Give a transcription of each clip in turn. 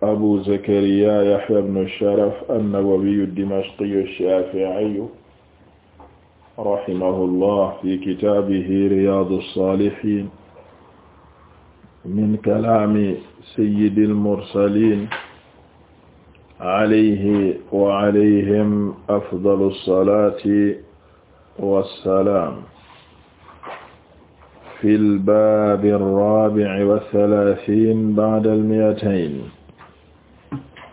abu zakariya yahya bnu sharaf annawawiyu dimashqiyu shaafi'iyu rahimahullah fi kitaabihi riyaadu saalihiin min kalaami sayyidil mursaliin alayhi wa alayhim afdalu salaati wa salaam fil baabi raabi'i wa salaasiin ba'dal mi'atayn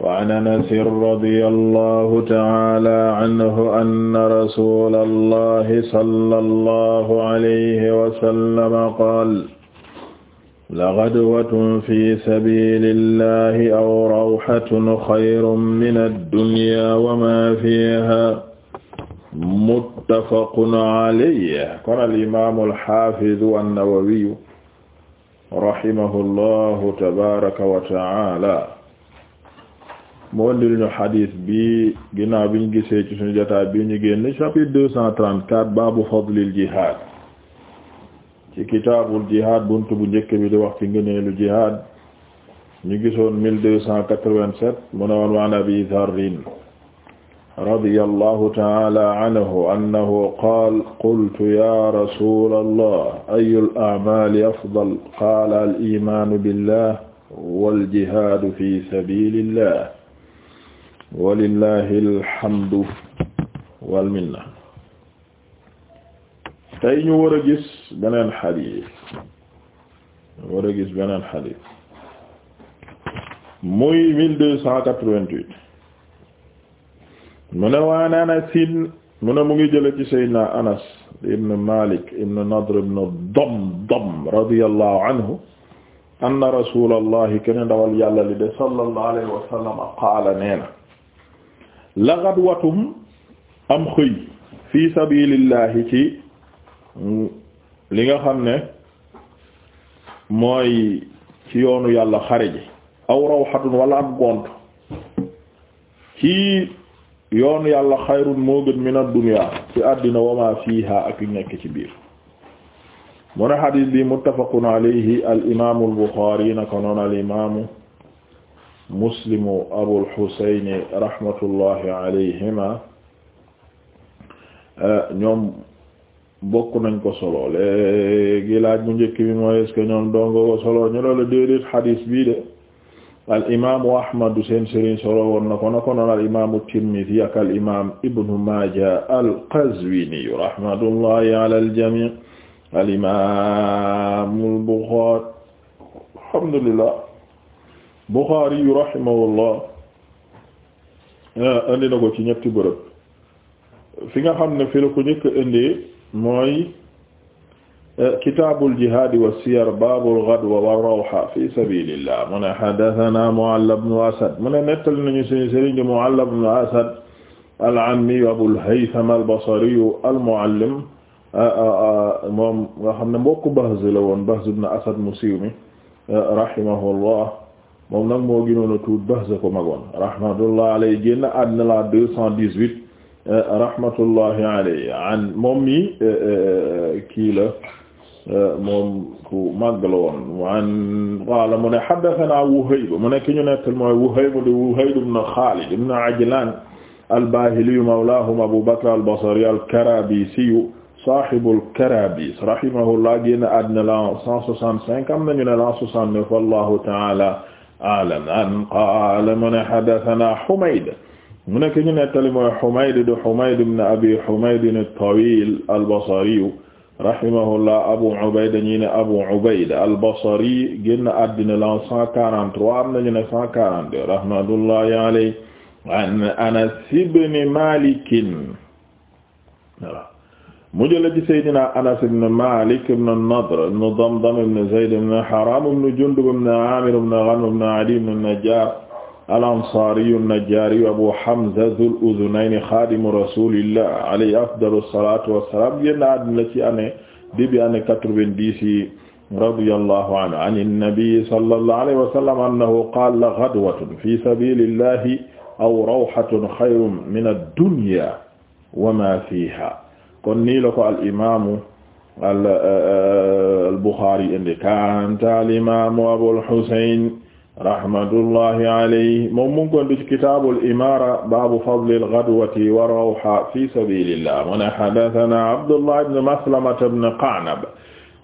وعن أنس رضي الله تعالى عنه أن رسول الله صلى الله عليه وسلم قال لغدوة في سبيل الله أو روحة خير من الدنيا وما فيها متفق عليه قال الإمام الحافظ النووي رحمه الله تبارك وتعالى moo indil ñu xadis bi ginnaaw bi ñu gisee ci suñu jotaay bi ñu génn chapitre deux cent trente-quatre baabu fadlil jihad ci kitaabul jihad buntu bu njëkk bi di wax ci ngëneelu jihad ñu gisoon mille deux cent quatre-vingt-sept mu ne woon waan abi dharrin radiyallahu ta'ala anhu annahu qaal qultu ya rasulallah ayyul a'maali afdal qaala al imaanu billah wal jihaadu fi sabilillah walillahi alhamdu wal minna tey ñu war a gis beneen xadiis ñu war a gis beneen xadiis muy mille deux cent quatre-vingt-huit mu ne waan Anas mu ne mu ngi jële ci Seydina Anas ibn Malik ibn Nadr ibn Damdam radiyallahu anhu anna rasuulallahi kenn dawal yàlla li de sallallahu alayhi wa sallam qaala nee na la ghadwatum am xëy fi sabilillahi ci li nga xam ne mooy ci yoonu yàlla xare ji aw rawhatun wala am gont ci yoon yàlla xayrun moo gën min ad-dunya ci àddina wa ma ak nekk ci biir mu ne xadiis bi muttafaqun alayhi al imaamu al buxaari naka noonu al imaamu muslimu abul xusayni rahmatullahi alayhima ñoom bokk nañ ko solo léegi laaj bu njëkk bi mooy est-ce que ñoom dongo ko solo ñu loolu déedéet xadiis bii de al imaamu ahmadu seen sëriñ solo woon na ko na ko noon al imaamu tirmidi ak al imaam ibnu maaja al qazwini rahmatullahi ala al jamii al imaamu al buxaari alhamdulillah Buxaari yu rahimahullah indi ah, na ko ci ñetti bërëb fi nga xam ne fi la ko njëkk indi mooy ah, kitaabul jihaadi wa siyar baabul gadwa wa rawha fi sabiilillah mu ne haddasanaa Mu'alla ibnu Asad mu ne nettali nañu suñu sëriñ di Mu'alla ibnu Asad al-Ammi Abul Haytham al-Basri al-Mu'allim ah, moom nga xam ne mbokku Bahz la woon Bahz ibnu Asad mu siiw mi rahimahullah moom nag moo gënoon a tuut bahsa ko magoon rahmatullah alayhi génn àddina la deux cent dix-huit euh, rahmatullahi alayhi an moom mi euh, euh, kii la moom ku màgg la woon an qaala mu ne haddathana Wuhayb mu ne ki ñu nettal mooy Wuhayb di Wuhayb ibn Khalid ibn Ajlan al-Bahili mawlahum Abu Bakr al-Basri al-Karabisi sahibu al-Karabis rahimahullah génn àddina la cent soixante-cinq am nañu ne la soixante-neuf wallahu ta'ala alam an qaala mu ne hadathana Humayd mu nekk ñu nettali mooy Humayd di Humayd ibn Abi Humayd at-Tawil al-Basri rahimahullah Abu Ubayda ñi ne Abu Ubayda al-Basri génn àddina lan 143 am nañu ne 142 rahmatullahi alayhi an Anas ibn Malik voilà mu jële ci Seydina Anas ibn Malik ibn Nadr ibn Damdam ibn Zayd ibn Haram ibn Jundub ibn Amir ibn Ghanm ibn Adi ibn Najjar al-Ansari an-Najjari Abu Hamza Dhul Udhunayn khadimu Rasulillah alayhi afdalu salatu wassalam génn àddina ci année début année quatre-vingt-dix yi radiyallahu anhu an an-nabi sallallahu alayhi wa sallam annahu qala la ghadwatun fi sabilillahi aw rawhatun khayrun min ad-dunya wa ma fiha kon nii la ko al imaamu al uh, uh, Buxaari indi kanta al imaamu Abul Husayn rahmatullahi alayhi moom mu ngi ko indi ci kitaabul imaara baabu fadlil ghadwati wa rawha fi sabiilillah mu ne haddathanaa Abdullah ibn Maslamata ibn Qa'nab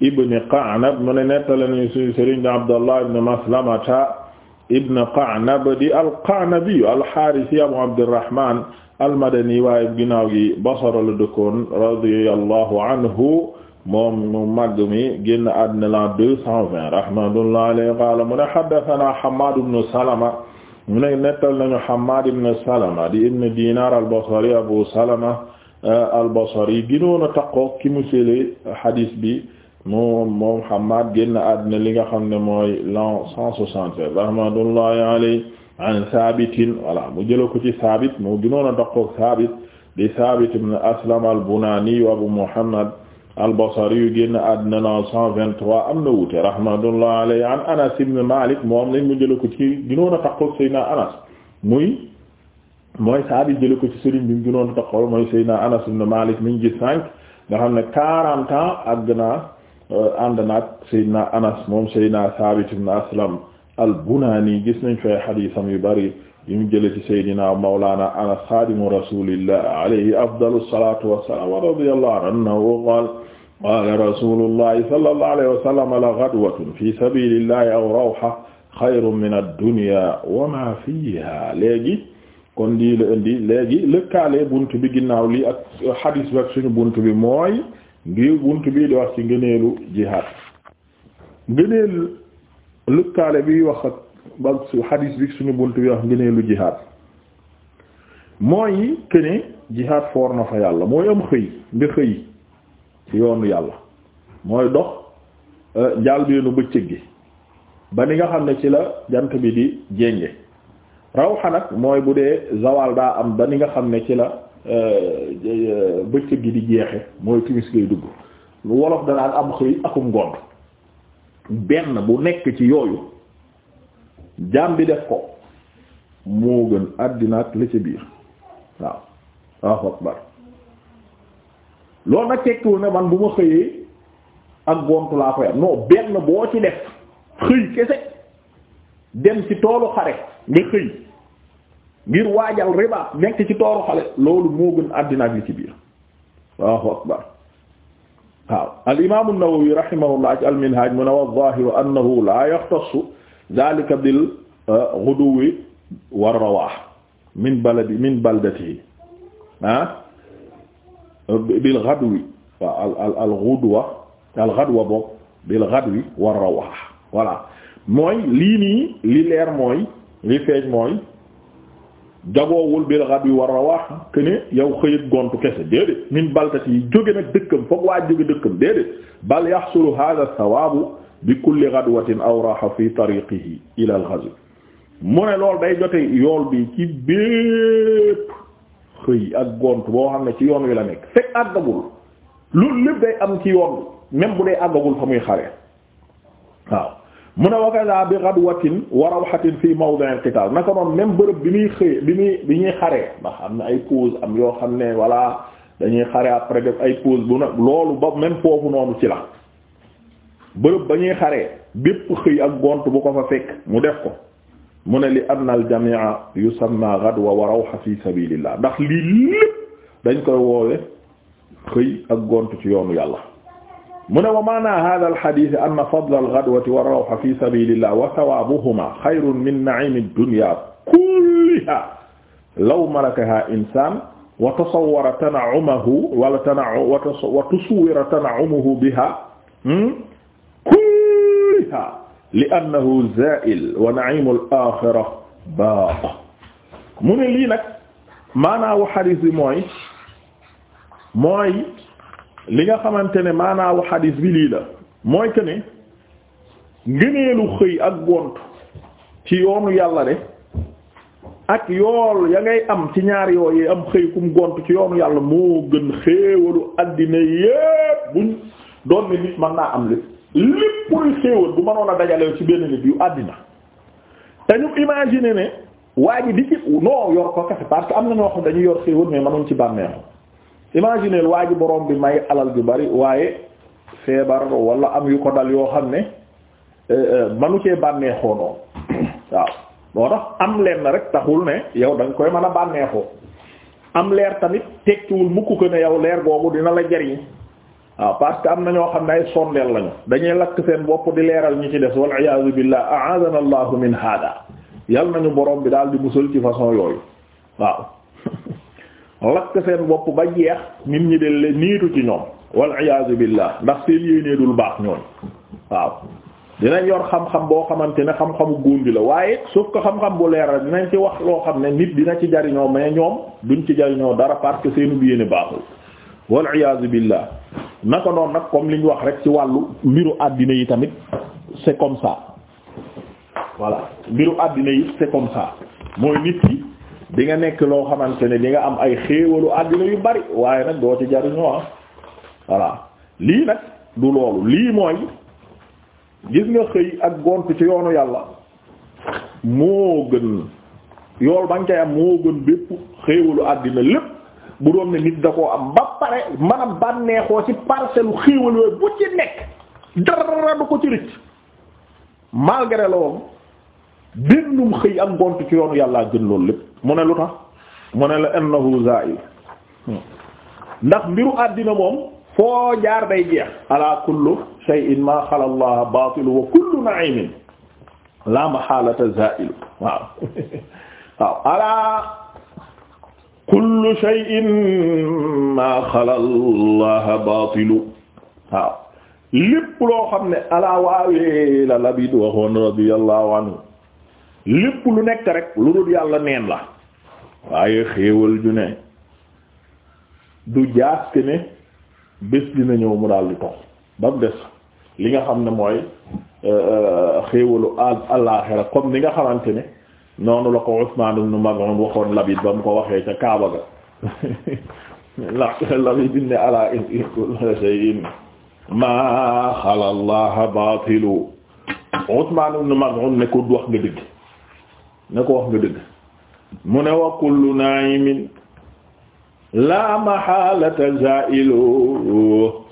ibn Qa'nab mu ne nettali nañu sunu sëriñ Abdullah ibn Maslamata ibn Qa'nab di al-Qa'nabi al-Haarisi Abu Abdirrahmaan al-Madani waaye ginnaaw gi Basra la dëkkoon radiyallahu anhu moom mu màgg mi génn àddina la 220 rahmatullahi alayhi qaala mu ne haddathanaa Hammaad ibn Salama mu ne nettal nañu Hammaad ibn Salama di ibn Diinaar al-Basri Abu Salama al-Basri ginoon a taqoo ki mu sele hadiis bi moom moom Hammad génn àddina li nga xam ne mooy l'an 167 rahmatullahi alayhi an Saabitin voilà mu jëla ko ci Saabit mu gënoon a daqoog Saabit di Saabit ibn Aslam al-Bunaani wa Abu Muhammad al-Basri yu génn àddina l'an 123 am na wuute rahmatullahi alayhi an Anas ibn Malik moom lañ mu jëla ko ci gënoon a daqoog Seydina Anas muy mooy Saabit jëla ko ci sëriñ bi mu gënoon a daqoog mooy Seydina Anas ibn Malik mi ngi gis sànq nga xam ne 40 ans àgg naa Euh, ànd naag Seydina Anas moom Seydina Saabit ibn Aslam al-Bunaani gis nañ fay xadiisam yu bari yu mu jële ci Seydina Mawlaana Anas xaadimu rasuulillah alayhi afdalu salaatu wa salaam wa radiyallahu anhu qaala qaala rasuulullahi sallallahu alayhi wa sallam la ghadwatun fi sabiilillahi aw rawha xayrun min ad-dunya wa maa fiihaa léegi kon lii la indi léegi lëkkaale buntu bi ginnaaw lii ak xadiis bi ak suñu buntu bi mooy ngir bunt bii di wax ci ngëneelu jihaad ngëneel lëkkaale biy wax ak ba xadiis bi suñu bunt bi wax ngëneelu jihaad mooy këne jihaad foor na fa yàlla mooy am xëy nga xëy ci yoonu yàlla mooy dox euh, njaalbeenu bëccëg gi ba ni nga xam ne ci la jant bi di jénge raw xanak mooy bu dee zawal daa am ba ni nga xam ne ci la Euh, bëccëg gi di jeexe mooy timis ngay dugg lu wolof danaan am xëy akum ngont benn bu nekk ci yooyu jaam bi def ko moo gën àddina ak la ca biir waaw waaw akbar loolu nag tekkiwu ne man bu ma xëyee ak gont laa koy am non benn boo ci def xëy kese dem ci toolu xare nga xëy ngir waajal riba nekk ci tooru xale loolu moo gën àddina ak li ci biir Allahu akbar waaw al-imam an-Nawawi rahimahullah ci al-Minhaj mu ne waz-zaahiru annahu laa yaxtassu dhaalika bil-ghuduwwi uh, war-rawaah min baladi min baldatihi ah bil-ghadwi waaw al al-ghudwa al-ghadwa boobu bil-ghadwi war-rawaah voilà mooy lii nii li leer mooy li feeñ mooy. jagoowul bil ghadwi war rawaax que ne yow gontu kese déedéet min baltati yi jóge nag dëkkam foog waa jóge dëkkam déedéet bal yaxsulu hadha thawaabu bi kulli ghadwatin aw raha fi tariqihi ila al ghazw mu ne loolu day jote yool bi ci bépp xëy ak gont boo xam ne ci yoon wi la nekk fekk àggagul loolu lépp day am ci yoon même bu dee àggagul fa muy xare waaw mun ne wakasa bi ghadwatin wa rawhatin fii mawdi'il qital naka noonu même bërëb bi muy xëy bi muy bi ñuy xaree ndax am na ay pause am yoo xam ne voilà dañuy xare après def ay pause bu nag loolu ba même foofu noonu ci la bërëb ba ñuy xare bépp xëy ak gont bu ko fa fekk mu def ko mu ne li anna al jamia yusamma ghadwa wa rawha fi sabilillah ndax lii lépp dañ koy woowe xëy ak gont ci yoonu yàlla mu ne wa maana hada alhadith anna fadla alghadwati wa rawha fi sabilillah wa thawabuhuma xayrun min na'imi ad-dunya kulliha law malakaha insan wa tasawwara tana'umahu wala tana'u wa tasawwara tana'umuhu biha hmm, kulliha li'annahu za'il wa na'imu al-akhirah baaq mu ne lii nag maanaawu hadith bi mooy mooy li nga xamante ne maanaawu xadiis bi lii la mooy que ne ngëneelu xëy ak gont ci yoonu yàlla de ak yool ya ngay am ci ñaar yi am xëy kum gont ci yoonu yàlla moo gën xéewalu àddina yépp buñ doon ne nit mën naa am lépp lépp luy xéewal bu mënoon a dajale ci benn nit yu àddina te ñu imaginer ne waa ji di ci non yor ko kese parce que am na ñoo xam dañuy yor xéewal ma mënoon ci bànneexu imaginez waa ji borom bi may alal ju bari waaye feebar wala am yu ko dal yoo xam ne eh, eh, manu cee bànneexoo noonu waaw moo tax am leen na rek taxul ne yow da koy man a bànneexoo am leer tamit tekkiwul mukk ko ne yow leer googu dina la jariñ waaw parce que am na ñoo xam ne ay sondeel lañu dañuy lakk seen bopp di leeral ñu ci des wal iyaazu billah a'adana allahu min hada yal nañu borom bi daal di musal ci façon yooyu waaw lakk seen bopp ba jeex nit ñi de le niitu ci ñoom wal iyaazu billah ndax seen yéenee dul baax ñooñ waaw dinañ yor xam-xam boo xamante ne xam-xamu góor gi la waaye sauf ko xam-xam bu leer la dinañ ci wax loo xam ne nit dina ci jariñoo mais ñoom duñ ci jariñoo dara parce que seenu yéene baaxul wal iyaazu billah naka noonu nag comme liñ wax rek ci wàllu mbiru àddina yi tamit c'est comme ça voilà mbiru àddina yi c'est mooy nit ki di nga nekk loo xamante ne di nga am ay xéewalu àddina yu bari waaye nag doo ci jariñoo ah lii nag du loolu lii mooy gis nga xëy ak gont ci yoonu yàlla moo gën yool ba nga koy am moo gën bépp xéewalu àddina lépp bu doon ne nit da koo am ba pare mën bànneexoo ci parcelle xéewal yooyu bu ci nekk dara du ko ci rëcc malgré loolu bennum xëy ak ngont ci yoonu yàllaa gën loolu lépp mu ne lu tax mu ne la innahu zail ndax mbiru àddina moom foo jaar day jeex ala kullu shay'in ma xala allah baatilu wa kullu na'imin la mahalata zailu waaw waaw ala kullu shay'in ma xala allah baatilu waaw lépp loo xam ne ala waawee la labid waxoon radiyallahu anhu lépp lu nekk rek lu dul yàlla neen la waaye xéewal ju ne du jaaske ne bés dina ñëw mu daal tox ba mu des li nga xam ne mooy euh, euh, xéewalu àllaaxira comme li nga xamante ne noonu la ko Usmaan ibn Maz'un waxoon Labid ba mu ko waxee ca Kaaba ga la Labid ne alaa in kulla shay'in maa xalaa Allaha baatilu Usmaan ibn Maz'un ne ko wax nga dëgg na ko wax nga dëgg mu ne wa kullu na'imin la mahalata za'ilu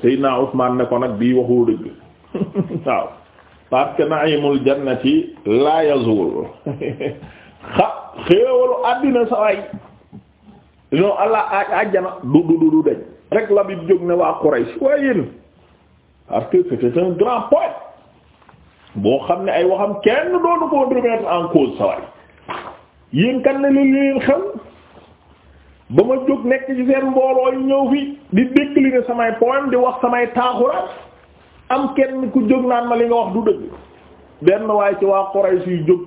Seydina Usmaan ne ko nag bii waxoo dëgg waaw parce que na'imul jannati la yazul xa xéewalu àddina saway non allah àjjana du du du deñ rek la jóg ne waa Quraysh waaye yéen parce que c'était un grand poète boo xam ne ay waxam kenn doonu ko remettre en cause saway yéen kan la leen xew ba ma jóg nekk ci seen mbooloo yi ñëw fi di décliner samay poème di wax samay taaxuraat am kenn ku jóg naan ma li nga wax du dëgg benn waaye ci waa Quraysh jóg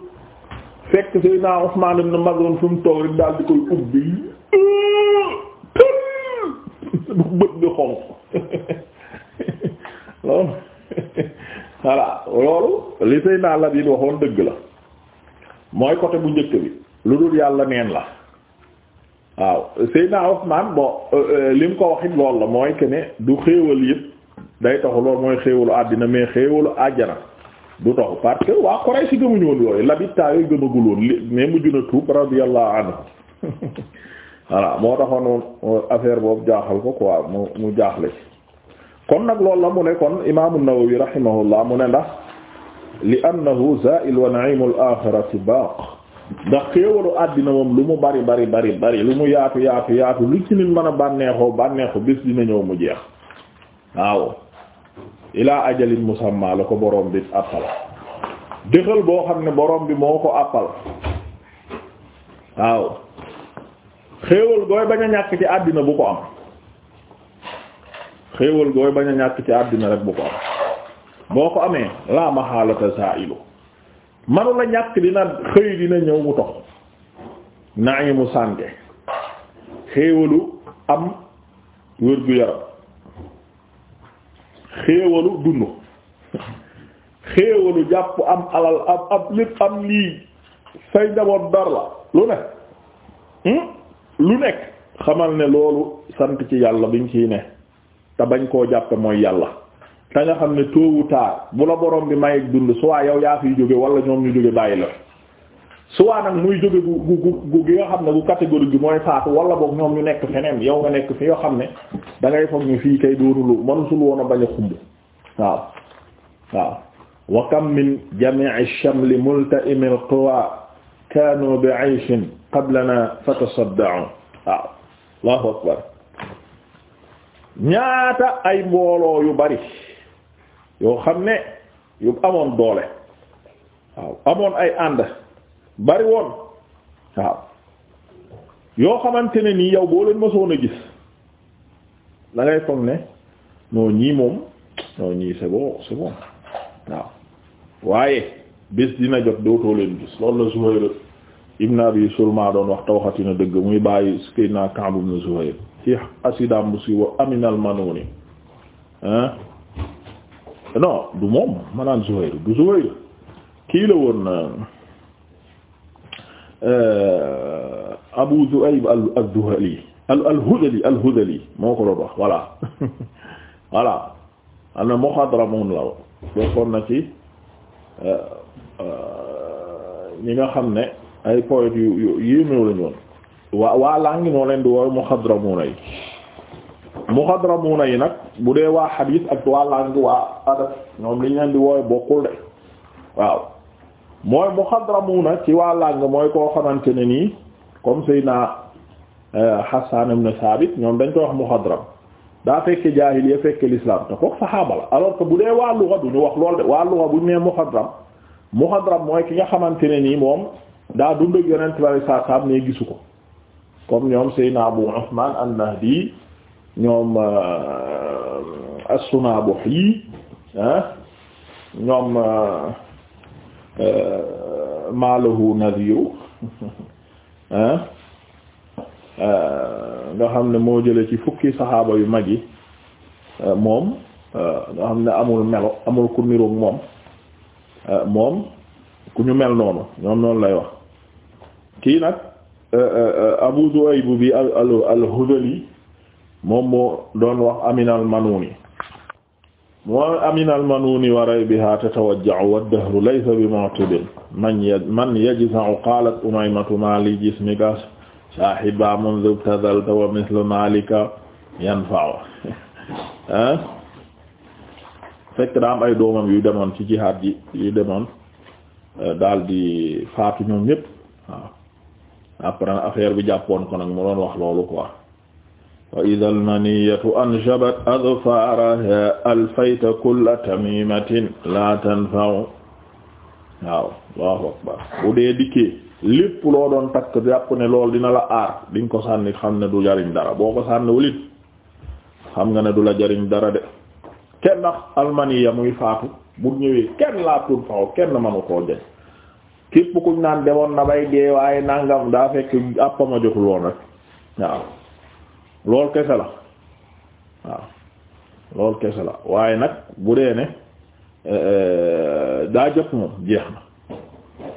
fekk Seydina Usmaan ibn Maz'un fu mu toog rek daal di koy ubbi bu bët bi xonq loolu voilà loolu li Seydina Labiid waxoon dëgg la mooy côté bu njëkk bi lu dul yàlla neen la waaw Seydina Usmaan bon euh, euh, li ko wax it la mooy que du xéewal yëpp day taxu loolu mooy xéewalu àddina mais xéewalu àjjana du taxu parce que waa Quraysh si gëmuñu woon yooyu labittaa yooyu gëmagul li mais mujj na tuub radiyallahu anhu voilà moo taxoon euh, affaire boobu jaaxal ko quoi mu mu jaaxle kon nag loolu la mu ne kon imaamu Nawawi rahimahullah mu ne ndax li annahu za'il wa na'imul axirati baaq ndax xéewalu àddina moom lu mu bari bari bari bari lu mu yaatu yaatu yaatu lu ci nit man a bànneexoo bànneexu bis dina ñëw mu jeex waaw ilaa ajalin musamma la ko borom bi àppal dëxal boo xam ne borom bi moo ko àppal waaw xéewal gooy bañ a ñàkk ci àddina bu ko am xéewal gooy bañ a ñàkk ci àddina rek bu ko am boo ko amee laa maxaalata saa ilu manu la ñàkk dina xëy dina ñëw mu tox naa mu sànke xéewalu am wér gu yaram xéewalu dund xéewalu jàpp am alal am am lii say njaboot dar la lu ne hmm? lu nekk xamal ne loolu sant ci yàlla biñ ciy ne te bañ koo jàppe mooy yàlla te nga xam ne tôt ou bu la borom bi may dund soit yow yaa fiy jóge wala ñoom ñu jóge bàyyi la soit nag muy jóge gu gu gu gi nga xam ne gu catégorie gi mooy faatu wala boog ñoom ñu nekk feneen yow nga nekk fi yoo xam ne da ngay foog ñu fii kay doonulu man sul woon a bañ a xumb waaw waaw wa kam min jami'i shamli multa'im ay mbooloo yu bari yoo xam ne yu amoon doole waaw amoon ay ànd bari woon waaw yoo xamante ne nii yow boo leen mësoon a gis da ngay ne noo ñii moom noo ñii c'est bon c'est bon waaw waaye bés dina jot dootoo leen gis loolu la Zuhayr ibn Abi doon wax tawaxatina dëgg muy bàyyi Sayyidina Ka'b ibn Zuhayr ci asidaam bu si Aminal Manuni ah non du moom ma naan Zuhayr du kii la woon euh, Abu Zu'ayb al-Duhali al-Hudhali al-Hudhali moo ko doon wax voilà voilà am na Muxadramun la woon bokkoon na ci euh, euh, ñi nga xam ne ay poètes yu yu yéemew lañu waa waa laa ngi noo leen di woowe Muxadramun ay muxadramuna yi nag bu dee waa xadiis ak waa langue waa adab ñoom li ñu leen di woowe bokkul de waaw mooy muxadramuna ci waa langue mooy koo xamante ne nii comme Seydina euh, Hassan ibn Sabit ñoom dañ koy wax muxadram daa fekke jaahiliya fekke l'islam te kook saxaaba la alors que bu dee waa luga duñu wax lool de waa luga buñ nee muxadram muxadram mooy ki nga xamante ne nii moom daa dund ak yonent bi sallallahu alayhi gisu ko comme ñoom Seydina Abu Usman an ñoom euh, as-Sunabuhi ah, ñoom euh, euh, maalahu nadiru ah, nga xam ne moo jële ci fukki saxaaba yu mag yi moom nga xam ne amul melo amul ku niroog moom moom ku ñu mel noonu ñoom noonu lay wax kii nag Abu Zuayb bi al al al Hudali moom moo doon wax aminal manuuni moo aminal manuuni wa raybiha tatawajja'u waddahru bi mu'tadil man ya man qaalat umaymatu ma jismika saahiba mundu ibtadalta wa mithlu malika yanfa'u ah fekk daa ay doomam yu demoon ci jihaad ji yu demoon euh, daal di faatu ñoom ñépp waaw après bi jàppoon ko nag mu doon wax loolu quoi fa ida almaniyatu anjabat adfaaraha alfayta kulla tamimatin la tanfau waaw allahu akbar bu dee dikkee lépp loo doon takk jàpp ne loolu dina la aar di ko sànni xam ne du jariñ dara boo ko sànni wulit xam nga ne du la jariñ dara de kenn ndax almaniya muy faatu bu ñëwee kenn laa tun faw kenn manu koo jañ képp kuñ naan demoon na bay dee nangam daa fekk àppama jotul woon rek waaw lool kese la waaw lool kese la waaye nag bu dee ne eh, eh, daa jot moom jeex na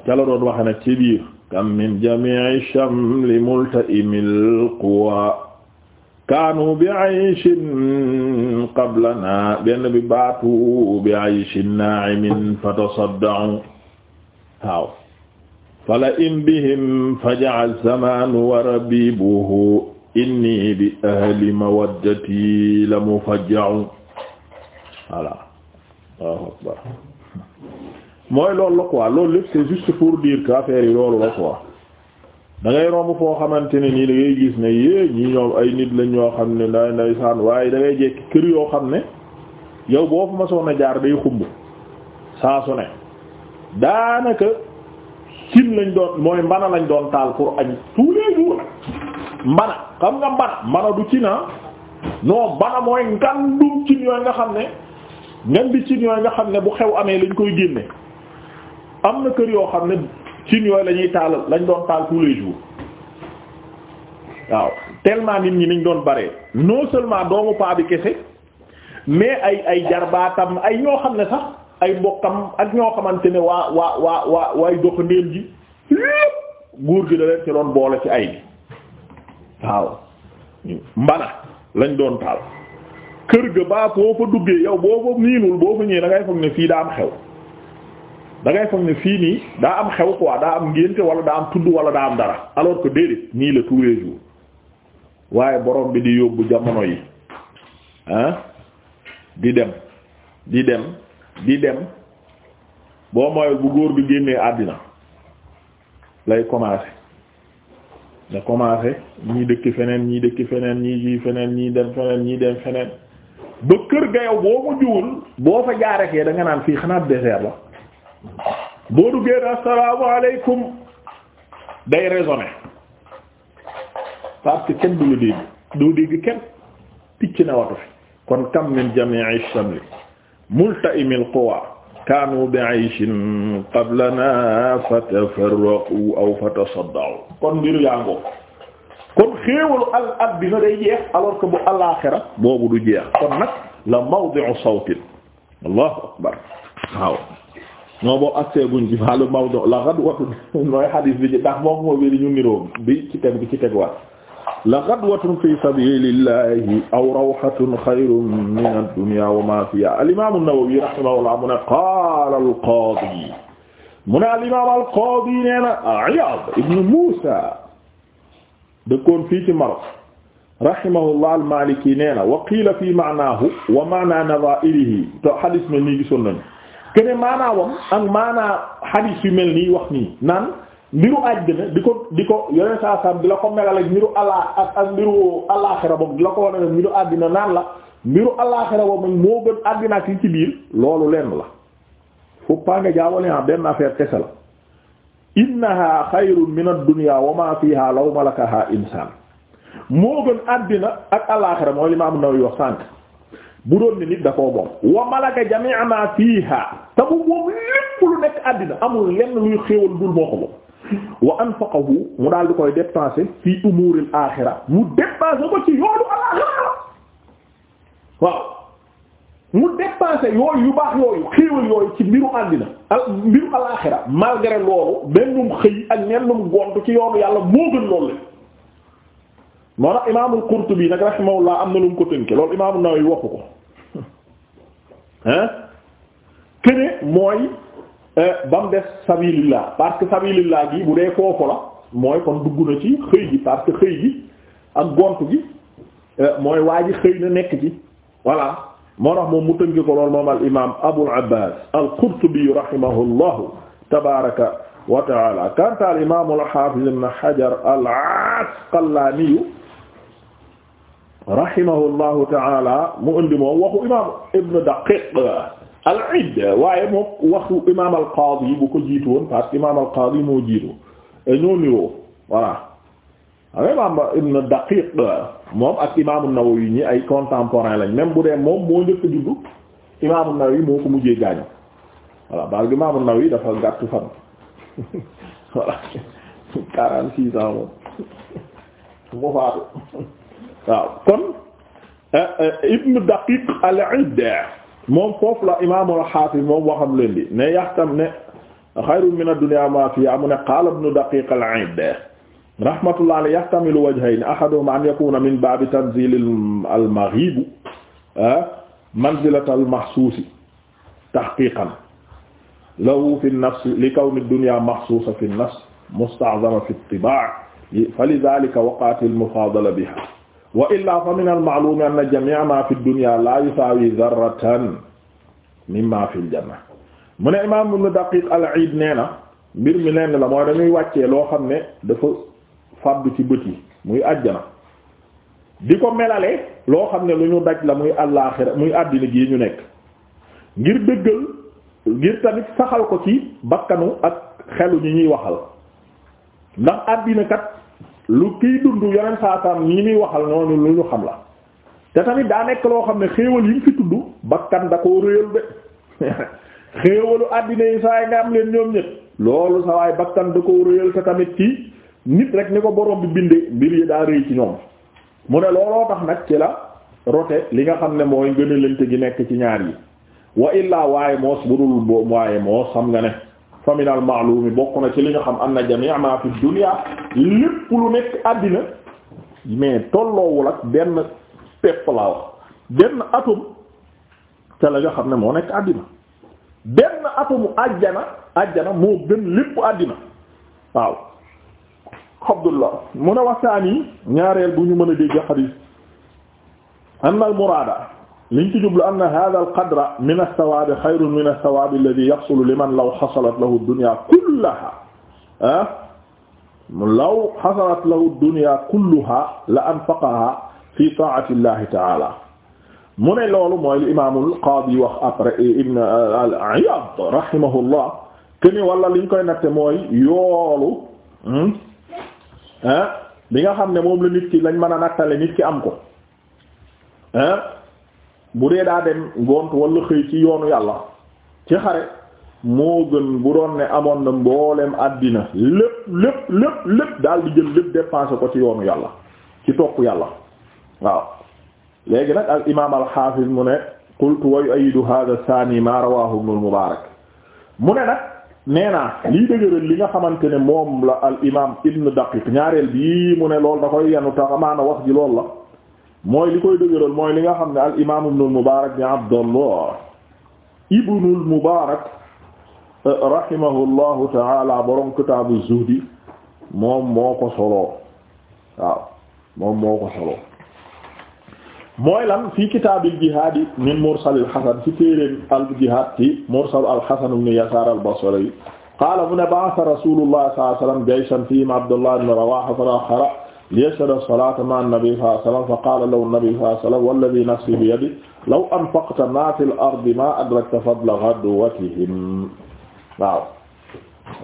ca la doon waxe nag ci biir kam min jami'i shamli multa'imil quwa kaanu bi ayshin qablana benn bi baatu bi ayshin na'imin fatasadda'u waaw fala in bihim faja'a zamanu wa rabibuhu inni bi ahli mawaddati la mufajja'u voilà waaw waaw mooy loolu la quoi loolu lépp juste pour dire que yi loolu la quoi romb foo xamante ne nii da ngay gis ne yé ñi ñoom ay nit lañ ñoo xam ne nday nday saan waaye da ngay jekki kër yoo xam ne yow boo ma soon a jaar day xumb saa su daanaka sim lañ doon mooy mbana lañ doon taal pour añ tous les jours mbana xam nga mbana mbana du ci naa ah. non mbana mooy ngandum cin yooyu nga xam ne ngan di cin yooyu nga xam ne bu xew amee lañ koy génne am na kër yoo xam ne cin yooyu la taal lañ doon taal tous les jours waaw tellement nit ñi niñ doon bare non seulement doomu paa bi kese mais ay ay jarbaatam ay ñoo xam ne sax ay mbokkam ak ñoo xamante ne waa waa waa waa waay doxandéem ji lépp góor gi da leen boole ci ay waaw mbana lañ doon taal kër ga baa boo fa duggee yow boo fa niinul boo fa ñëwee da ngay foog ne fii daa am xew dangay ngay foog ne fii nii daa am xew quoi daa am ngénte wala daa am tudd wala daa am dara alors que déedéet nii la tous jours waaye boroom bi di yóbbu jamono yi ah di dem di dem di dem boo mooy bu góor bi génnee àddina lay commencer nga commencé ñii dëkk feneen ñii dëkk feneen ñii ji feneen ñii dem feneen ñii dem feneen ba kër ga yow boo ko juwul boo fa jaarekee da nga naan fii xanaat désert la boo duggee na assalaamu alaykum day raisonné parce kenn du la dégg doo dégg kenn picc na watu fi kon kam min jami'i shamli multa'imil quwa kaanu bi'ayshin qablana fatafarraqu aw fatasaddaqu kon mbir yaa ngoo kon xéewalu al addina day jeex alors que bu alaaxira boobu du jeex kon nag la mawdi'u sawtin allahu akbar waaw moo boo accès buñ ci faalu mawdu la ghadwatu mooy xadiis bi ci ndax moom moo wéri ñu niroo bi ci teg bi ci tegwaat la ghadwatun fi sabilillahi aw rawhatun khayrun min ad-dunya wa ma fiha al-imam an-Nawawi rahimahullah mu ne qala al-qadi mu ne al-imam al-qadi nee na Iyad ibn Musa dëkkoon fii ci Maroc rahimahullah al-Maliki nee na wa qila fi ma'nahu wa ma'na nadha'irihi te hadis mel nii gisoon nañu kene maanaawam ak maanaa hadis yu mel nii wax nii naan mbiru àjjana di ko di ko yoneen saa saam di la ko melal ak mbiru ala ak ak mbiru alaaxira boobu mbiru àddina naan mbiru àddina ak yi ci biir loolu lenn la faut pas nga jaawale ah, moo gën àddina ak alaaxira mooy Imaam An-Nawawi bu doon nit da moom wa malaka jami'a ma fiha te bu moom lu nekk àddina amul lenn luy xéewal dul moo ko wa anfaqahu mu daal di koy dépensé fi umuuril aaxira mu dépensé ko ci yoonu alaaxira waaw mu dépensé yooyu yu baax yooyu xéewal yooyu ci mbiru àddina ak mbiru alaaxira malgré loolu bennum xëy ak nennum gont ci yoonu yàlla moo gën loolu la moo tax imaamul Qurtubi nag rahimahullah am na lu mu ko tënke loolu imaamu Nawawi waxu ko hein kene mooy Euh, ba mu des sabilillah parce que sabilillah gi bu dee foofu la mooy kon dugg ci xëy gi parce que xëy gi ak gont gi euh, mooy waa ji xëy na nekk ci moo mu tënk ko moom al imaam Abul Abbaas al-Qurtubi rahimahullahu tabaaraka wa ta'aala kanta al imaam al-Haafiz ibn Hajar al-Asqalaani rahimahullahu ta'aala mu indi moom waxu imaam Ibn Daqiiq al iid waaye moom waxu imaam al qaadi bu ko jiitu parce que imaam al qaadi moo jiitu ñoo niroo voilà ah, am imaam ibn daqiq moom ak imaamu Nawawi ñi ay contemporain lañ même bu dee moom moo njëkk a juddu imaamu Nawawi moo ko mujjee gaañu voilà parce imaamu Nawawi dafa gàtt fan voilà kon eh, eh, ibn daqiq al iid moom foofu la imaamul xaafis moom waxam leen di ne yaxtam ne xayrun min ad-dunya ma fiha mu ne qaala ibnu daqiiq al-iid rahmatullah alayhi yahtamilu wajhayni ahaduhuma an yakuna min baabi tanzil al-maghib ah, manzilata al-mahsuusi tahqiqan lahu fi an-nafs li kawni ad-dunya mahsuusa fi an-nafs musta'zama fi at-tibaa' fa lidhalika waqa'at al-mufaadala biha wa illaa fa min al-ma'lum anna jami'a ma fi dunya la yusawi dharratan mimma fi al-janna mu ne imam ibn daqiq al-iid nee na mbir mi lenn la mooy dañuy wàccee loo xam ne dafa fàddu ci bët yi muy àjjana di ko melale loo xam ne lu ñu daj la muy àllaaxira muy àddina gi ñu nekk ngir dëggal ngir tamit saxal ko ci bakkanu ak xelu ñi ñuy waxal ndax àddina lu kiy dund yeneen saasaam ñi muy waxal noonu lu ñu xam la te tamit daa nekk loo xam ne xéewal yi mu fi tudd bakkan da koo réyal de xéewalu àddina yi saa yi nga am leen ñoom ñett loolu sa waay bakkan da koo réyal te tamit kii nit rek ni ko borom bi bindee mbir yi daa rëy ci ñoom mu ne looloo tax nag ci la rote li nga xam ne mooy gënalante gi nekk ci ñaar yi wa illaa waaye moos budul boobu waaye moos xam nga ne fa min bokk na ci li nga xam anna jami' ma fi dunya lépp lu nekk àddina mais tolloowul ak benn pepp laa wax benn atome ca la nga xam ne moo nekk àddina benn atomu àjjana àjjana moo gën lépp àddina waaw Abdullah mun a waxtaan yi ñaareel bu ñu mën a dégg xadiis anna al muraada liñ ci jublu anna hadha al qadra min as-sawabi xayrun min as-sawabi alladhi yaxsulu liman law xasalat lahu ad-dunya kullaha ah law xasalat lahu ad-dunya kulluha la anfaqaha fi taati llahi taala mu ne loolu mooy li imaamul qaadi wax après ibn al-Iyaad rahimahullah keni wala liñ koy natte mooy yoolu hmm, ah li nga xam ne moom la nit ki lañ mën a nattale nit ki am ko ah bu dee daa dem ngont wala xëy ci yoonu yàlla ci xare moo gën bu doon ne amoon na mbooleem àddina lépp lépp lépp lépp daal di jël lépp dépensé ko ci yoonu yàlla ci topp yàlla waaw léegi nag al imaam al xaafis mu ne qultu wa yu'ayyidu hadha thani ma rawahu ibn al mu ne nag nee naa lii dëgëral li nga xamante ne moom la al imaam ibn daqiq ñaareel bii mu ne lool da koy yenu taxamaana wax ji loolu la mooy li koy dëgëral mooy li nga xam ne al imaam ibnul mubaarak bi abdallah ibnul mubaarak eh, rahimahullahu taala borom kitaabu zuhdi moom moo ko soloo waaw moom moo ko soloo mooy lan fii kitaabil jihaad yi min mursalil hasan ci téeréen al jihaad ci mursal al hasan ibn yasaar al basri qaala mu ne ba'atha rasuulullahi sallallahu alayhi wa sallam jayshan fihim abdullah ibn rawaha fa liyashhada as-salaata ma'a an-nabi sallallahu alayhi wa sallam fa qaala lahu an-nabi sallallahu alayhi wa sallam walladhi nafsi bi yadihi law anfaqta maa fil ardi maa adrakta fadla ghadwatihim waaw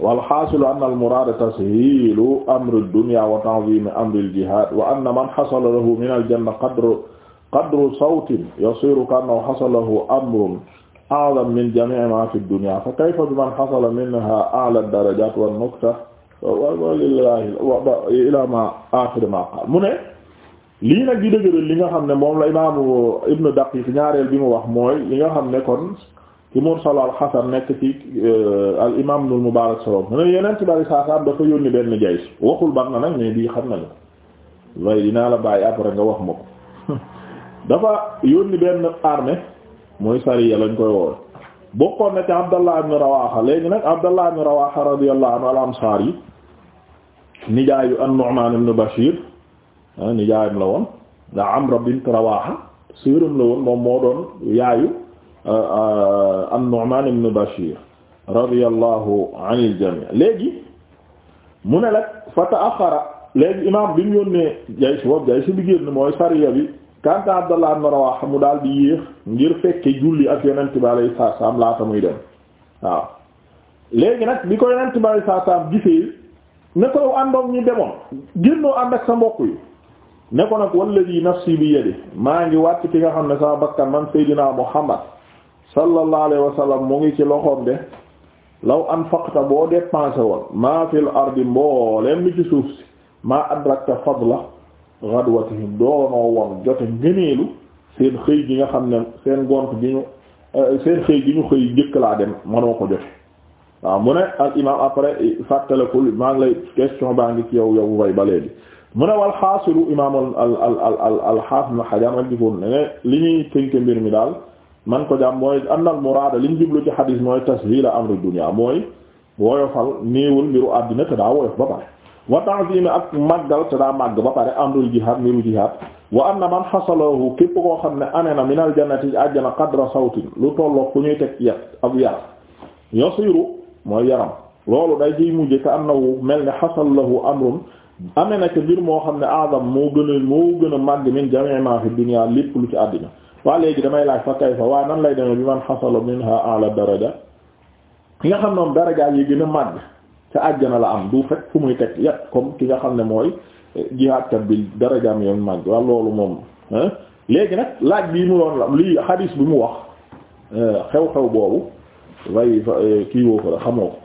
wal-haasilu anna al-muraada tashiilu amri ad-dunyaa wa ta'ziimi amri al-jihaad wa anna man hasala lahu mina al-janna qadru qadru sawtin yasiiru ka'annahu hasala lahu amrun a'zamu min jamii' maa fi ad-dunyaa fa kayfa biman hasala minhaa a'la ad-darajaat wan-nukta wa ila ma aaxir ma qaal mu ne lii nag di dëgëral li nga xam ne moom la imaamu ibnu daqiq ñaareel bi mu wax mooy li nga xam nekkoon ci mursal al xasan nekk ci euh, al imaam ibnul mubaarak sabab mu ne yeneen ci bari saasaam dafa yónni benn jays waxul ban na nag mais bii xam nañu waaye dinaa la bàyyi après nga wax ma ko dafa yónni benn armée mooy sariya lañ koy woowe bokkoon na ci abdallah ibnu rawaxa léegi nag abdallah ibnu rawaxa radiyallahu a al nijaayu an-Nu'man ibn Bashir ah, nijaayam la woon da Amra bint Rawaha sœuram la woon moom moo doon yaayu ah, ah, an-Nu'man ibn Bashir radiyallahu anil jami' léegi mu ne nag fa ta'akhkhara léegi imaam bi mu yónnee jaysh boobu jaysh bi génn mooy sariya bi kanta Abdallah ibn Rawaha mu daal di yéex ngir fekke julli ak yonent bi alayhi salaam laata muy dem waaw léegi bi ko yonent bi alayhi salaam ne ko yow àndoom ñi demoon génnoo ànd ak sa mbokk yi ne ko nag walladi nafsi bi yadi maa ngi wàcc ki nga xam ne sama bakkan man seydinaa muhammad sallallahu alayhi wa sallam mu ngi ci loxoom de law anfaqta boo dépensé woon maa fil ardi mbooleem li ci suuf si maa adrakta fadla ghadwatihim doonoo woon jote ngëneelu seen xëy gi nga xam ne seen gont gi ñu seen xëy gi ñu xëy jëkk laa dem manoo ko jote waaw mu ne al imam après fàttalekul maa ngi lay question baa ngi ci yow yow bay ba léegi mu ne wal xaasilu imam al al al al xaafid na xajar rek jikoon ne ne li ñuy tënk mbir mi daal man ko jàmm mooy anna al muraada li ñu jublu ci xadiis mooy tashil amru dunya mooy woyofal néewul mbir àddina te daa woyof ba pare wa ta'zim ak màggal te daa màgg ba pare amrul jihaad mbiru jihaad wa anna man xasalahu képp koo xam ne anena minal jannati àjjana qadra sawtin lu tolloo ku ñuy teg yet ab yar mooy yaram loolu day jiy mujje ka am na wu mel ne xasal lahu amrun amee na ca mbir moo xam ne adam moo gën a moo màgg min jami' ma fi dunya lépp lu ci àddina waa léegi damay laaj fa kay fa waaye nan lay demee bi man xasala minha ala daraja ki nga xam ne moom daraja yi gën a màgg ca àjjana la am du fekk fu muy teg yat comme ki nga xam ne mooy eh, jihaadkat bi darajaam yoon màgg waaw loolu moom eh. léegi nag laaj bi mu doon la lii xadiis bi mu wax eh, xew-xew boobu way fa eh, kii woo ko la xamoo ko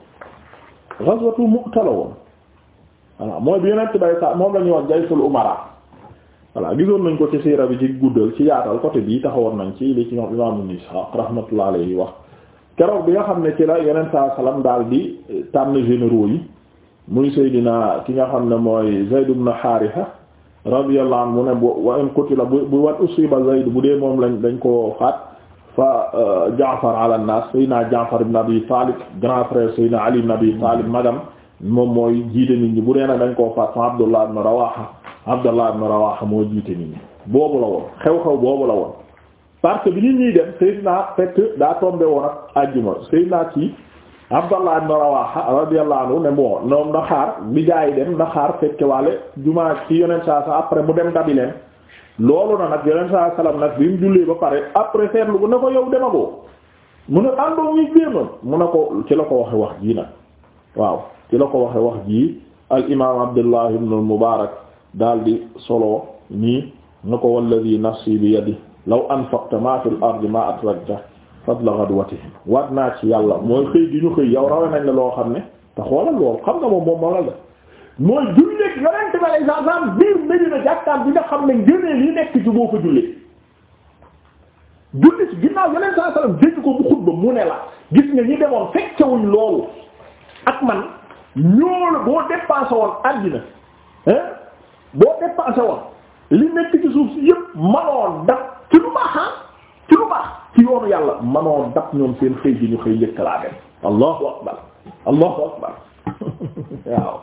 ghazwatu Mu'ta la woon voilà mooy bi yonent bay sa moom la ñuy wax jaysul umara voilà gisoon nañ ko ci siira bi ci guddal ci yaatal côté bii taxawoon nañ ci li ci ñoom imam ibn Ishaq rahmatullah alayhi wax keroog bi nga xam ne ci la yonent saa sallam daal di eh, tànn généraux yi muy Seydina ki nga xam ne mooy Zayd ibn Haritha radiyallahu anhu mu ne wa in qutila bu bu wat usiba Zayd bu dee moom lañ dañ koo faat fa euh, Jaafar ala naas Seydina Jaafar ibn Abi Talib grand frère Seydina Ali ibn Abi Talib magam moom mooy jiite nit ñi bu dee nag dañ koo faat fa Abdullah ibn Rawaha Abdullah ibn Rawaha moo jiite nit ñi boobu la woon xew-xew boobu la woon parce que bi nit ñuy dem Seydina fekk daa tombé woon ak àjjuma Seydina kii Abdullah ibn Rawaha radiyallahu anhu ne bon na xaar bi dem na xaar fekke waale jumaa ci yoneen saa sa après mu dem dabi loolu na nag yeneen saa salaam nag bi mu jullee ba pare après seetlu bu ne ko yow demagoo mu ne àndoon ñuy génnoon mu ne ko ci la ko waxe wax jii nag waaw ci la ko waxe wax jii al imaam abdullah ibn al mubaarak daal di solo nii na ko walladhi nafsi bi yadi law anfaqta ma fil ardi ma atrakta fadla ghadwatihim waat naa ci yàlla mooy xëy di ñu xëy yow rawe nañ loo xam ne te xoolal loolu xam nga moom moom ma la la mooy julli yonent bi nga xam ne ngëneel yi nekk ci boo ko mu ne la gis nga ñi demoon fekkewuñ loolu ak man ñoo la boo dépensé woon àddina hein boo dépensé seen xëy bi allahu akbar allahu akbar waaw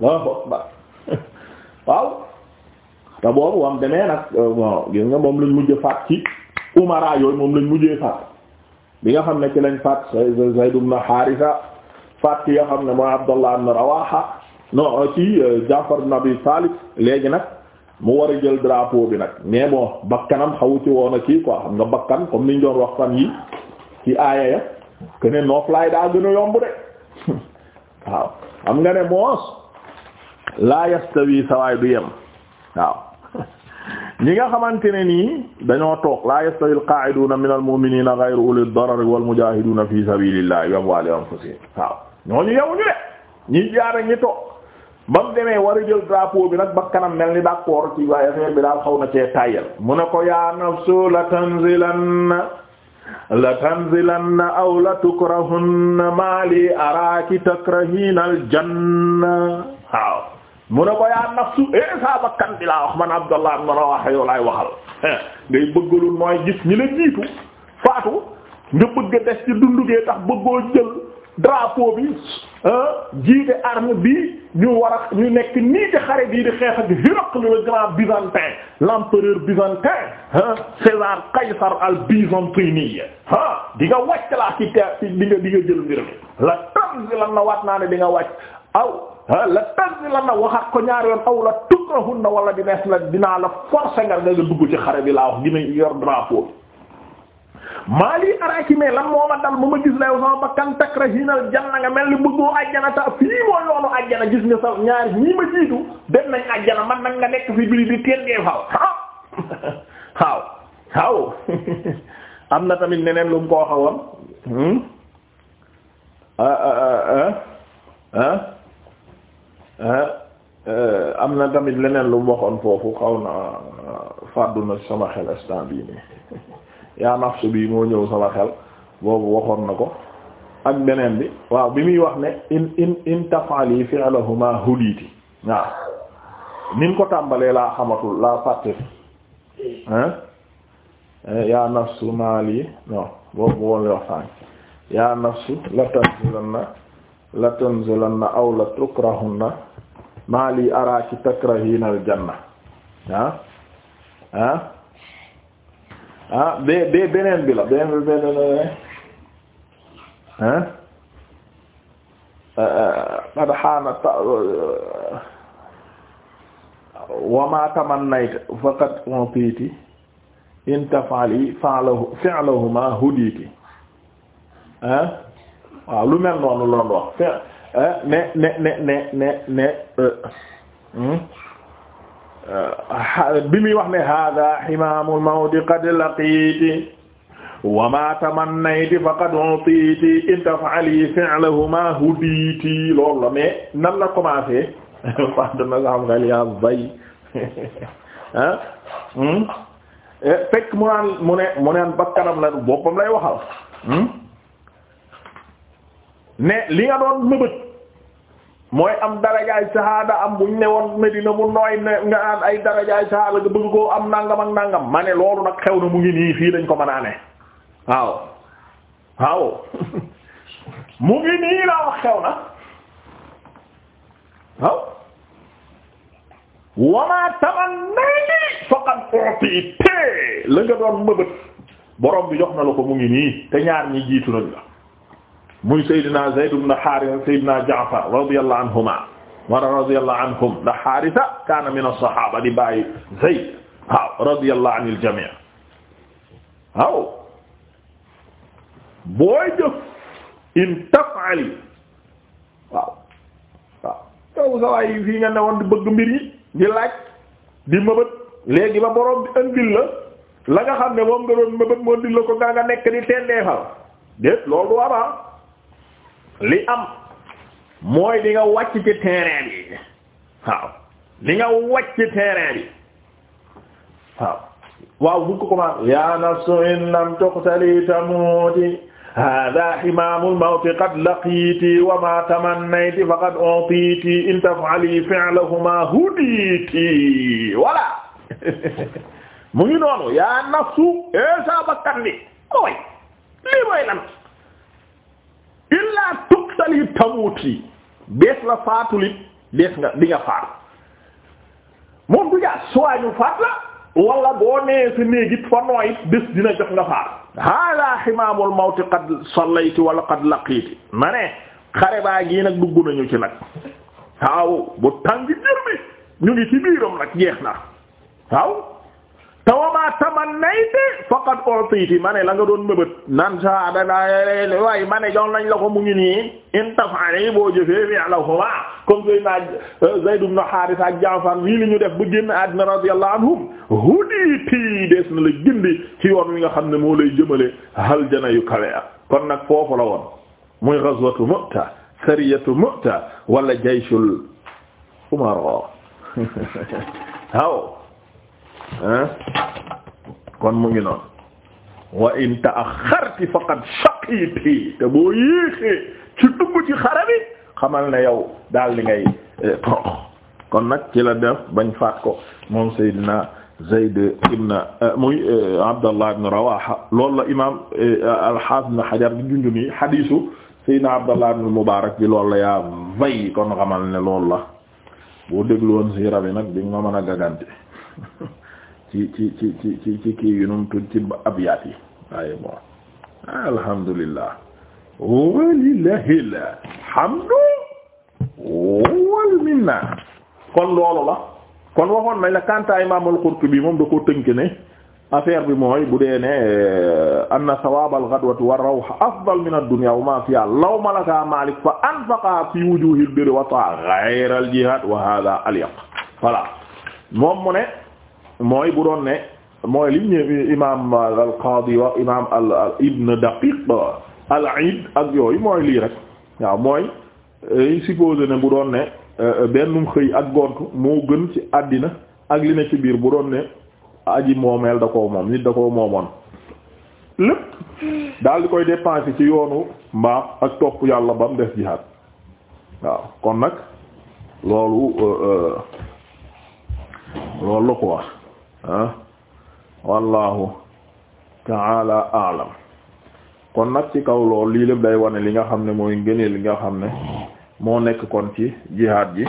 allahu akbar waaw te boobu wam demee nag euh, bon nga moom lañ mujj faat ci umara yooyu moom lañ mujjee faat bi nga xam ne ci lañ faat Zayd ibn Haarisa faat ki nga xam ne mooy Abdullah ibn Rawaha non euh, ci euh, Jaafar ibn Abi Talib léegi nag mu war a jël drapeau bi nag mais bon bakkanam xawu ci woon a kii quoi xam nga bakkan comme niñ doon wax fan yi ci aaya ya que ne noof daa gën a yomb de waaw xam nga ne moos laa yastawi sawaay du yem waaw ñi nga xamante ne nii dañoo toog laa yastawi alqaa'iduuna min almu'miniina darar wal mujaahiduuna fi sabiilillaahi bi amwaalihim wa anfusihim waaw ñooñu yemuñu de ñi jaar ñi toog ba mu bi nag ba mel ni d'accord ci waaye affaire bi daal xaw cee tàyyal mu ko yaa nafsu la tanzilanna la tanzilanna aw la tukrahunna maali araaki takrahiina aljanna mu a ko yaa nafsu eh saa bakkan bi laa wax man Abdallah ibn Rawaha yow laay waxal eh, ngay bëggalu mooy gis ñi la jiitu faatu nga bëgg des ci dundu gee tax bëggoo jël drapeau bi eh, jiite arme bi ñu war a ñu nekk nii di xare bii di xeex ak Hiraql le grand byzantin l'empereur byzantin eh, César Qaysar al-Byzantini ah di nga wàcc laa ci ci di nga di nga jël mbir mi la tanzilan na waat naa ne di nga wàcc aw Ah, la tànn la na waxaat ko ñaari yoon aw la tukrahunna wala dinees la dinaa la forcer nga nga dugg ci xare bi laa wax dina yor drapeau maa lii araaki mais lan moo ma dal ba ma gis la yow sama bakkan takrahinal janna nga mel ni bëggoo ajjana ta fii mooy yoonu ajjana gis nga sa ñaari ñii ma jiitu dem nañ ajjana man nag nga nekk fi biri di teel dee faaw waaw waaw am na tamit neneen lu mu ko waxoon hmm? ah ah ah, ah, ah. Ah, eh, am na tamit leneen lu waxoon foofu xaw na fàddu na sama xel instant bii yaa nafsu bii moo ñëw sama xel boobu waxoon na ko ak beneen bi waaw bi muy wax ne in in in tafali fi'lahuma hudiiti waaw ni ko tàmbalee laa xamatul laa fàtte eh, yaa nafsu maali non boobu boobu wax sànq yaa nafsu la tanzilanna la tanzulanna aw la tukrahunna maa li araaki takrahina al janna ah ah ah be be beneen bi qad haana wa ma tamannayta faqad u'titi in taf'ali fa'lahu fi'lahuma huditi ah waaw lu mel noonu wax te eh, ne euh, hmm? euh, bi muy wax ne hada ximaamul mawti qad laqiiti wa ma tamannayti faqad utiiti in taf'ali fi'lahuma hudiiti loolu la mais nan la commencé wax dana xam nga yaa bay ah hmm? eh, fekk mu naan mu ne mu neen bakkanam la boppam lay waxal hmm? ne li nga doon mëbët mooy am darajaay sahaada am buñ ne woon Medina mu nooy ne nga naan ay darajaay sahaada bëgg koo am nangam ak nangam ma ne loolu nag xew na mu ngi nii fii lañ ko mën a laa wax xew na waaw wamaa tamannani faqad u'ti la nga doon mëbët borom bi jox na la ko mu ngi nii te ñaar ñi jiitu nañ la muy Seydina Zayd ibn Haarisa Seydina Jaafar radiyallahu anhuma wa radiyallahu anhum ndax Haarisa kaana min as-sahaaba di bàyyi Zayd waaw radiyallahu anil jamii waaw booy jëf in tafali waaw waaw yow sa waay di bëgg mbir yi di laaj di mëbët léegi ba boroom di indil la la xam ne moom nga doon mëbët moo indil la ko nga nekk di tendeefal déet loolu du am ah. li am mooy li nga wàcc ci terrain bi li nga wàcc ci terrain waaw waaw ko commencé ya nafsu in lam tuqtali tamuuti hada himaamul mawti qad laqiiti wa ma tamannayti faqad utiiti in taf'ali fi'lahuma hudiiti voilà mu ngi noonu ya nafsu e sa bakkan mooy lii mooy lan illaa tuqtali tamuuti bees la faatulit bees nga di nga faatu moom du yaa soit faat la wala boo nee néegit fa nooyit bés dina jox nga faatu hàddaa ximaamul mawti qad sallayti wala qad laqiiti ma ne xare baa gii nag dugg nañu ci nag waaw bu tàng jër bi ñu ngi ci biiram nag jeex na waaw wa ma tamannayti faqad u'titi ma ne la nga doon mëbët naan sa dana waaye ma ne jox nañ la ko mu ngi nii in taf'ali boo jëfee fi'lahuma comme a euh, Zayd ibn Haarisa ak Jaafar wii li ñu def bu génn àddina radiyallahu anhum huditi des na la gindi ci yoon wi nga xam ne moo lay jëmale aljana yu kawe kon nag foofu la woon muy ghazwatu Mu'ta sariyatu Mu'ta wala jayshul umara waaw kon mu ngi noonu wa in ta'axxarti faqad shaqiti te boo yéexee ci dugg ci xare xamal ne yow daal li ngay eh, torox kon nag ci la def bañ faat ko moom Seydina Zayd ibn eh, muy eh, Abdallah ibn Rawaha loolu la imaam al-Hafiz ibn Hajar bi junj nii hadiisu Seydina Abdallah ibn Mubarak bi lool la yaa vay kon xamal ne loolu la boo déglu woon siira bi nag bi nga mën a gagante ci ci ci ci ci ci kii yu num tudd ci abyaat yi waaye bon alhamdulillah walillahil hamdu wal minna kon loolu la kon waxoon nañ la kanta imam al-Qurtubi moom da ko tënk ne affaire bi mooy bu dee ne eh, anna sawaab al-ghadwati wa rawha afdal min ad-dunya wa ma fiha law malaka Malik fa anfaqa fi wujuhil birri wa ta'a ghayra al-jihad wa hadha alyaq voilà moom mu ne mooy bu doon ne mooy li ñu imaam al-Qaadi imaam al Ibn Daqiq al-Iid ak yooyu mooy lii rek waaw mooy eh, supposé ne bu doon ne eh, bennum xëy ak gontu moo gën ci àddina ak li ne ci biir bu doon ne aji moomeel da koo moom nit da koo moomoon lépp daal di koy dépensé ci yoonu mbaax ak topp yàlla ba mu def jihaad waaw kon nag loolu eh, loolu la ko wax ah wallahu taala alam kon nag ci kaw lool lii lépp day wane li nga xam ne mooy ngëneel li nga xam ne moo nekk kon ci jihaad ji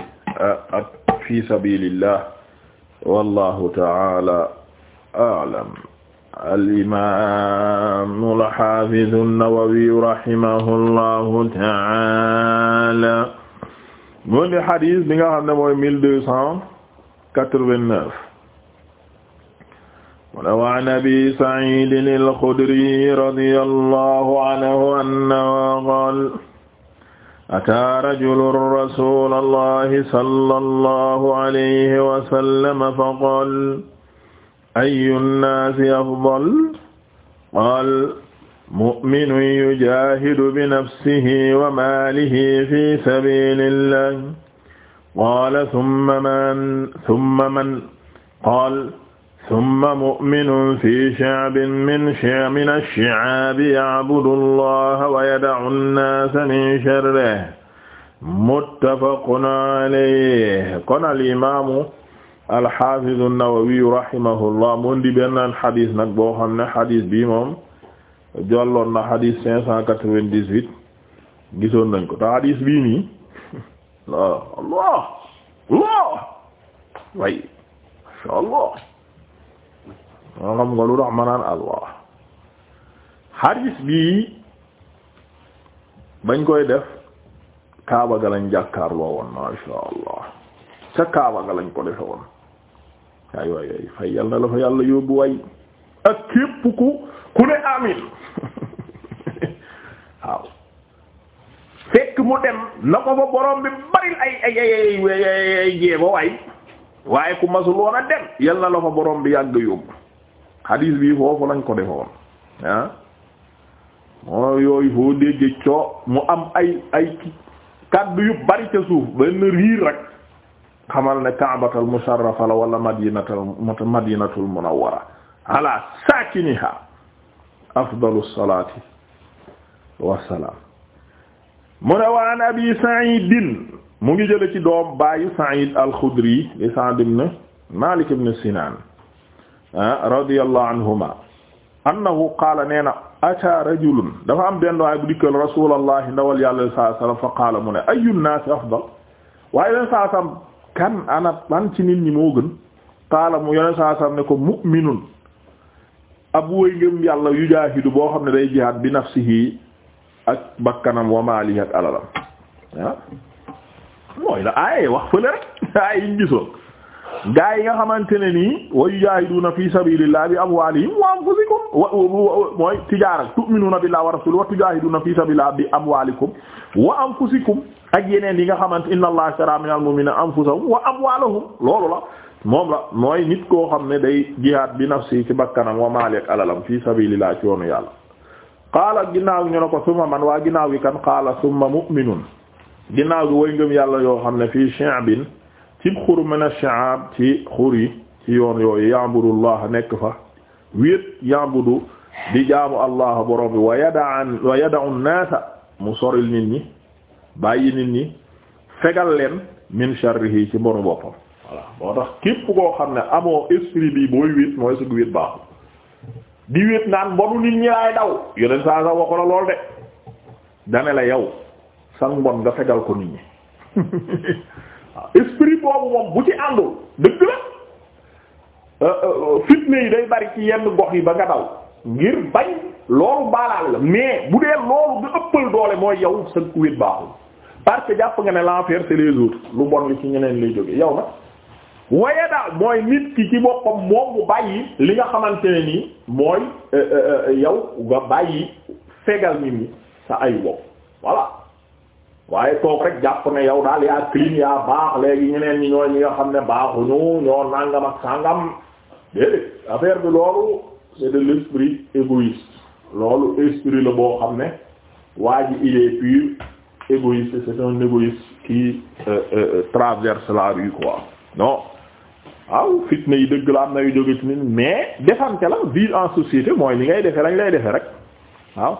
ah, ak fi sabilillah wallahu taala alam alimamu alxafidu an-Nawawi rahimahullahu taala moo di xadiis bi nga xam ne mooy mille deux cent mun a waan abi Sa'iid al-Xudri radiyallahu anhu annahu qaala ataa rajulun rasuulallahi sallallahu alayhi wa sallam faqaala ayyu nnaasi afdal qaala mu'minun yujaahidu binafsihi wa maalihi fi sabiilillahi qaala summa man summa man qaala summa mu'minun fi sha'bin min min ash-shi'aabi ya'budu Allaha wa yada'u an-naasa min sharrihi muttafaqun alayhi kon al-imaamu al-haafizu an-Nawawi rahimahullah mu indi benn xadis nag boo xam ne xadis bii moom jolloon na xadis cinq cent quatre-vingt-dix-huit gisoon nañ ko te xadis bii nii Allah Allah Allah way inshaa Allah xam nga lu tax ma naan alwaa xadiis bii bañ koy def kaaba ga lañ jàkkaarloo woon masha allah ca kaaba ga lañ ko defe woon ay waay waay fay yal na la fa yàlla yóbbu way ak képp ku ku ne amin waaw fekk mu dem na ko fa borom bi baril ay ay ay ay ay jéego waay waaye ku masul woon a dem yal na la fa borom bi yàgg yóbbu xadiis bi foofu lañ ko defoon ah moo yooyu foo dégg coo mu am ay ay kaddu yu bari ca suuf benn riir rek xamal ne kaabatal musharrafa la wala madinatal madinatul munawwara ala mu abi saidin mu ngi jële ci doom baayu said al-Xudri li Sa'd ibn Malik ibn Sinan Ah, radiyallahu anhuma annahu qaala nee na ata rajulun dafa am benn waay bu dikkal rasulallahi ndawal yàlla sallallahu fa qaala mu ne ayu nnaasi afdal waay leen saa sam kan ana ban ci nit ñi moo gën qaala mu yoneen saa sam ne ko mu'minun ab woy ngëm yàlla yujaahidu boo xam ne day jihaad bi nafsihi ak bakkanam wa maalihi alalam ah mooy la aaye wax fële rek aaye yiñ gisoon gaa yi nga xamante ne nii wa yujaahiduna fi sabilillahi bi amwalihim wa anfusikum mooy tijaara tu'minuna billahi wa rasulihi wa tujaahiduna fi sabilillahi bi amwalikum wa anfusikum ak yeneen yi nga xamante inna allaha ishtara minal mu'minina anfusahum wa amwalahum loolu la moom la mooy nit koo xam ne day jihaad bi nafsi ci bakkanam wa maali ak alalam fi sabilillahi ci yoonu yàlla qaala ginnaaw ñu ne ko summa man waa ginnaaw gi kan qaala summa mu'minun ginnaaw yàlla yoo xam ne fii shi'bin cib xur min shaab ci xur yi ci yoon yooyu ya'budullah nekk fa wéet ya'budu di jaamu allah borom bi wa yada'an wa yada'u an-naasa mu soril nit ñi bàyyi nit ñi fegal leen min sharrihi ci mbonu boppam voilà moo tax képp koo xam ne amoo esprit bi booy wéet mooy sug wéet baaxul di wéet naan mbonu nit ñi laay daw yeneen saa sa waxu la lool de dane la yow sax mbon nga fegal ko nit ñi waaw prix boobu moom bu ci àndul dëgg la euh, euh, fitne yi day bari ci yenn gox yi ba nga daw ngir bañ loolu baalaal la mais bu dee loolu nga ëppal doole mooy yow sa wét baaxul parce que jàpp nga ne l'enfer c'est lu bon li ci ñeneen lay jóge yow nag waye daal mooy nit ki ci boppam moom mu bàyyi li nga xamante nii mooy euh, yow nga bàyyi fegal nit ñi sa ay bopp voilà waaye toog rek jàpp ne yow daal yaa clean yaa baax léegi ñeneen ñi ñooy ñi nga xam ne baaxuñu ñoo nàngam ak sàngam déedéet affaire bi loolu c'est de l'esprit égoïste loolu esprit la boo xam ne waa ji il est pur égoïste c'est un égoïste qui euh, euh, euh, traverse la rue quoi non waaw fitna yi dëgg la am na yu jóge ci nit mais defante la vivre en société mooy li ngay defee lañ lay defee rek waaw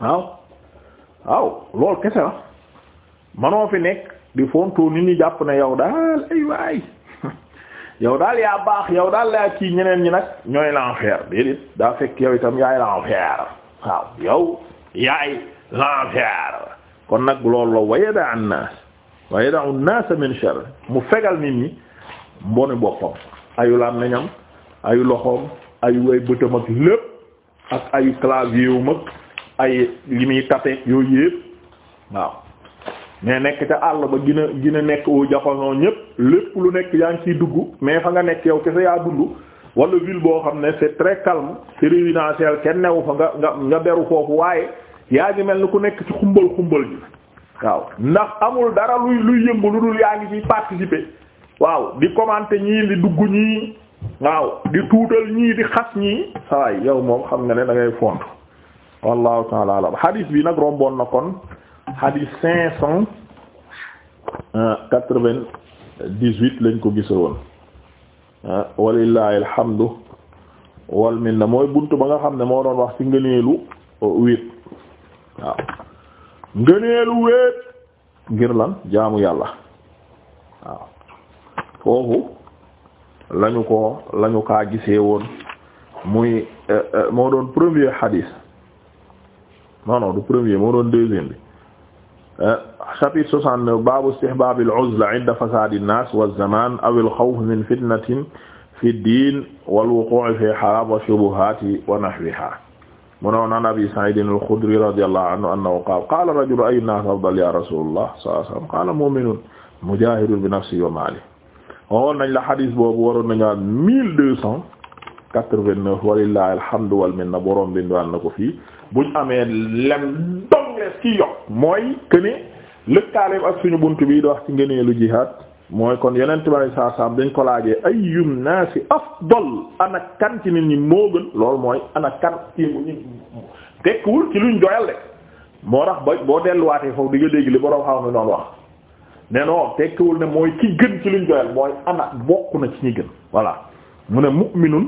waaw waaw loolu kese la manoo fi nekk di fontoo nit ñi jàpp ne yow daal ay waay yow daal yaa baax yow daal laa kii ñeneen ñi nag ñooy l'enfer déedéet daa fekk yow itam yaay l'enfer waaw yow yaay l'enfer kon nag loolu la wayada an nas wayada an nas min sharr mu fegal nit ñi mboni boppam ayu lam ayu loxoom ayu way bëtam ak lépp ak ayu clavier wu ay li muy tape yooyu yëpp waaw mais nekk ca àll ba gina gina gën a nekk au japonais ñëpp lépp lu nekk yaa ngi ciy dugg mais fa nga nekk yow kese yaa dund wala ville boo xam ne c'est très calme c'est résidentiel kenn newu fa nga nga nga beru foofu waaye yaa ngi mel ni ku nekk ci xumbal xumbal ji waaw ndax amul dara luy luy yëngu lu dul yaa ngi ciy participer waaw di commenter ñii di dugg ñii waaw di tuutal ñii di xas ñii. waaye yow moom xam nga ne da ngay font wallahu taala alam bi nag romboon na kon hadith cinq cent quatre-vingt-dix-huit lañ ko gisoon ah, walillahi alhamdu wal minna mooy bunt ba nga xam ne moo doon wax ci ngëneelu uh, wéet waaw ngëneelu wéet ngir lan jaamu yàlla waaw foofu lañu ko lañu kaa gise woon muy uh, uh, moo doon premier hadith non non du premier moo doon deuxième bi eh, chapitre 69 baabu istihbaab al-uzla inda fasaad an-naas wa az-zamaan aw al-xawf min fitnatin fi ad-diin wal wuquu' fi haraam wa shubuhaati wa nahwihaa mu ne woon an Abi Sa'iid al-Khudri radiyallahu anhu annahu qaala qaala rajulun ayyu an-naasi afdal yaa rasuulallah sallallahu alayhi wa sallam qaala mu'minun mujaahidun bi nafsihi wa maalihi waxoon nañ la xadis boobu waroon nañu 1200 quatre-vingt-neuf walillahi alhamdu wal minna borom bi nduwaan na ko fii buñ amee lem donglees ci yokk mooy këne lëkkaaleem ak suñu bunt bii di wax ci lu jihaad mooy kon yeneen tubaab saa saam dañ ko laajee ayyun naasi afdal ana kan ci nit ñi moo gën loolu mooy ana kan ci bu tekkiwul ci luñ doyal de moo tax ba boo delluwaatee foofu di nga dégg li borom xam ne noonu wax ne non tekkiwul ne mooy ki gën ci luñ doyal mooy ana bokk na ci ñi gën voilà mu ne mu'minun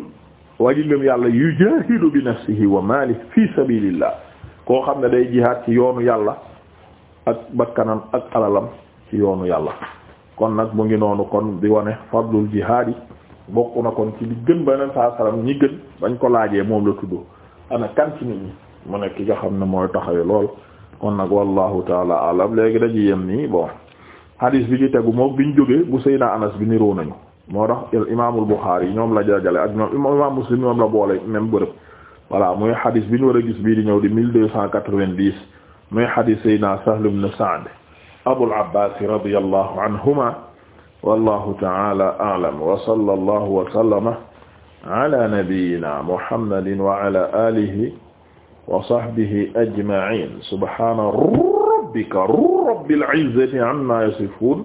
waji ngëm yàlla yujahidu bi nafsihi wa mali fi sabilillah koo xam ne day jihaad ci yoonu yàlla ak bakkanam ak alalam ci yoonu yàlla kon nag mu ngi noonu kon bi wane fadlul jihaad yi bokk na kon ci gën ba yeneen saa salaam ñi gën bañ ko laajee moom la tudd ana kan ci nit ñi mu nekk ki nga xam ne mooy taxawe lool kon nag wallahu taala alam léegi dañuy yem nii bon hadis bi ñu tegu moom bi ñu jógee bu Seydina Anas bi niroo nañu moo tax imaamul Buxaari ñoom la jagale ak ñoom imaam Muslim ñoom la boole même bërëb voilà muy xadis bi ñu war a gis bii di ñëw di mille deux cent quatre-vingt-dix muy xadis Seydina Sahl ibn Sa'd Abul Abbaas radiyallahu anhuma wallahu ta'ala a'lam wa sallallahu wa sallama ala nabiyyina Muhammadin wa ala alihi wa sahbihi ajma'in subhana rabbika rabbil izzati amma yasifun